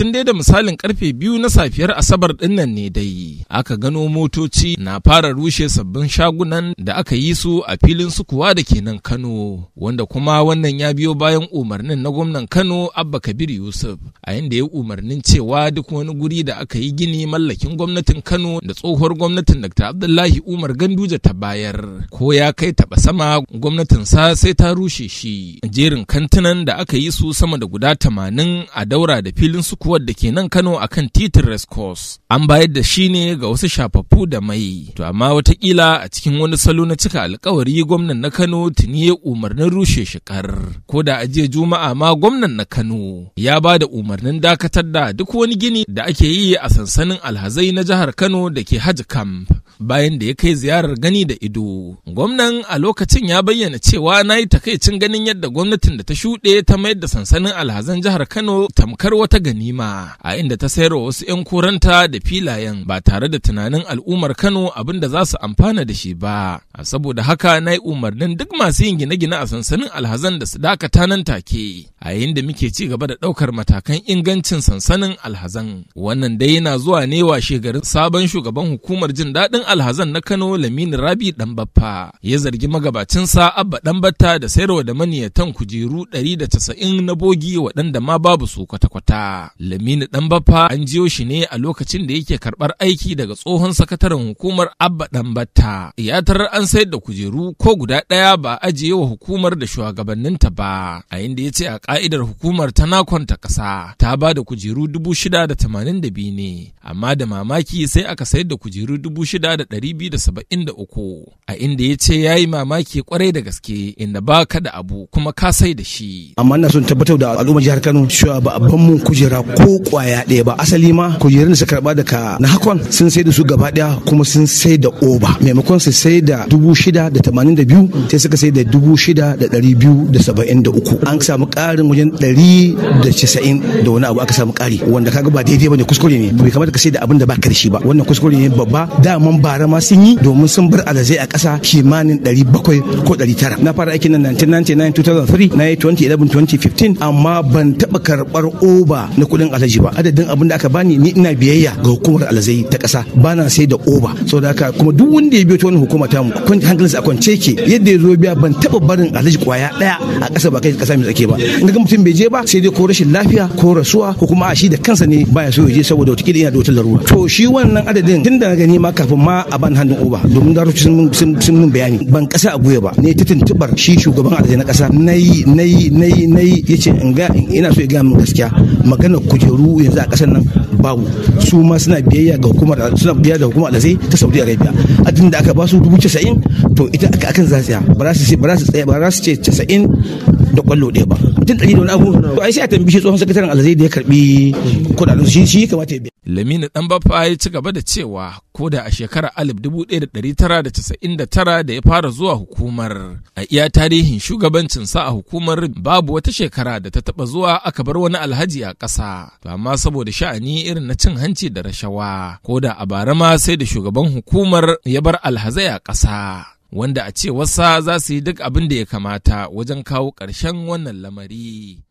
tun dai da misalin karfe biyu na safiyar asabar dinnan ne dai aka gano motoci na fara rushe sabbin shagunan da aka yi su a filin sukuwa da ke nan kano wanda kuma wannan ya biyo bayan umarnin na gwamnan kano abba kabir yusuf a yanda ya umarnin cewa duk wani guri da aka yi gini mallakin gwamnatin kano da tsohuwar gwamnatin dr abdullahi umar Ganduja ta bayar ko ya kai taba sama sa sai ta rushe shi jerin kantunan da aka yi su sama da guda tamanin a daura da filin sukuwa kafuwar da ke nan Kano a kan titin Rescos. An bayar da shi ne ga wasu shafaffu da mai. To amma watakila a cikin wani salo na cika alkawari gwamnan na Kano tuni ya umarnin rushe shikar. Ko da a jiya Juma'a ma gwamnan na Kano ya ba da umarnin dakatar da duk wani gini da ake yi a sansanin alhazai na jihar Kano da ke Hajj Camp. Bayan da ya kai ziyarar gani da ido. Gwamnan a lokacin ya bayyana cewa na yi takaicin ganin yadda gwamnatin da ta shuɗe ta mayar da sansanin alhazan jihar Kano tamkar wata ganima. a inda ta sayar wa wasu 'yan kuranta da filayen ba tare da tunanin al'ummar Kano abin da za su amfana da shi ba. a Saboda haka na yi umarnin duk masu yin gine-gine a sansanin alhazan da su dakata nan take a yayin da muke ci gaba da ɗaukar matakan ingancin sansanin alhazan. Wannan dai yana zuwa ne washe garin sabon shugaban hukumar jin daɗin alhazan na Kano Lamini Rabi Danbaffa, ya zargi magabacinsa Abba Ɗanbatta da sayarwa da maniyatan kujeru ɗari da 190 na bogi waɗanda ma babu su kwata-kwata. Lamini Ɗanbaffa an jiyo shi ne a lokacin da yake karɓar aiki daga tsohon sakataren hukumar Abba Ɗanbatta. Ya tarar an sayar da kujeru ko guda ɗaya ba ajiye wa hukumar da shugabanninta ba, a inda ya ce a ƙa'idar hukumar ta nakonta ƙasa ta ba da kujeru dubu shida da tamanin da biyu ne, amma da mamaki sai aka sayar da kujeru dubu shida da ɗari biyu da saba'in da uku, a inda ya ce ya yi mamaki kwarai da gaske inda ba ka da abu kuma ka sai da shi. Amma ina son tabbatar da al'ummar jihar Kano cewa ba a ban mun kujera ko kwaya ɗaya ba asali ma kujerun da suka karba daga na hakon sun sai da su gaba ɗaya kuma sun sai da oba maimakon su sai da dubu shida da tamanin da biyu sai suka sai da dubu shida da ɗari biyu da saba'in da uku an samu ƙarin wajen ɗari da casa'in da wani abu aka samu ƙari wanda kaga ba daidai ba ne kuskure ne bai kamata ka sai da abin da ba karshe da shi ba wannan kuskure ne babba daman bara ma sun yi domin sun bar alazai a ƙasa kimanin ɗari bakwai ko ɗari tara na fara aikin nan 1999 2003 na yi 2011 2015 amma ban taɓa karɓar oba na kuɗin kuɗin alhaji ba adadin abin da aka bani ni ina biyayya ga hukumar alzai ta ƙasa bana sai da oba saboda haka kuma duk wanda ya biyo ta wannan hukuma ta mu kwanci hankalinsa a kwance ke yadda ya zo biya ban taɓa barin alhaji kwaya daya a ƙasa ba kai ƙasa mai tsake ba in ga mutum bai je ba sai dai ko rashin lafiya ko rasuwa ko kuma a shi da kansa ne baya so ya je saboda wata yana da wata larura to shi wannan adadin tun da na gani ma kafin ma a ban hannun oba domin da sun sun mun bayani ban ƙasa a guye ba ne ta tuntubar shi shugaban alzai na ƙasa nayi nayi nayi nayi yace in ga ina so ya ga min gaskiya magana kujeru yanzu a kasar nan babu su ma suna biyayya ga hukumar suna biyayya da hukumar alazai ta saudi arabia a da aka ba su dubu casa'in to ita aka akan za su ba za su ce ba za su ce casa'in da kwallo ɗaya ba mutum ɗari da wani abu to ai sai a tambayi shi tsohon sakataren alazai da ya karbi kuɗaɗen shi shi kamata ya biya. ɗan bafa ya ci gaba da cewa ko da a shekarar alif dubu ɗaya da ɗari tara tara da da da casa'in ya fara zuwa hukumar a iya tarihin shugabancinsa a hukumar babu wata shekara da ta taba zuwa aka bar wani alhaji a ƙasa to amma saboda sha'ani irin na cin hanci da rashawa ko da a bara ma sai da shugaban hukumar ya bar alhazai a ƙasa wanda a cewarsa za su yi duk abin da ya kamata wajen kawo ƙarshen wannan lamari.